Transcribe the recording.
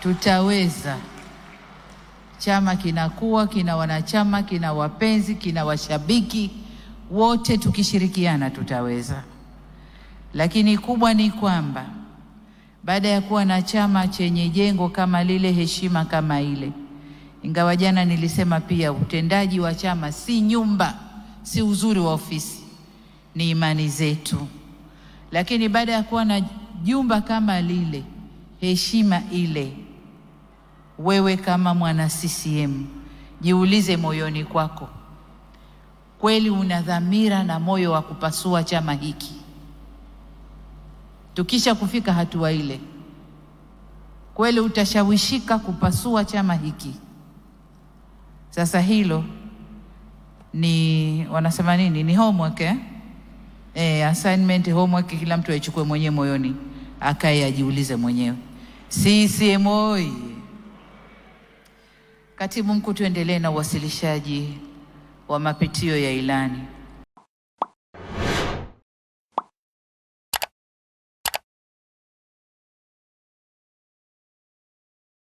tutaweza. Chama kinakuwa, kina wanachama, kina wapenzi, kina washabiki, wote tukishirikiana tutaweza. Lakini kubwa ni kwamba baada ya kuwa na chama chenye jengo kama lile, heshima kama ile, ingawa jana nilisema pia utendaji wa chama si nyumba, si uzuri wa ofisi, ni imani zetu. Lakini baada ya kuwa na jumba kama lile, heshima ile wewe kama mwana CCM jiulize moyoni kwako, kweli una dhamira na moyo wa kupasua chama hiki? Tukisha kufika hatua ile, kweli utashawishika kupasua chama hiki? Sasa hilo ni wanasema nini, ni homework eh? Eh, assignment homework, kila mtu aichukue mwenyewe moyoni, akaye ajiulize mwenyewe. CCM oyee! Katibu Mkuu, tuendelee na uwasilishaji wa mapitio ya ilani.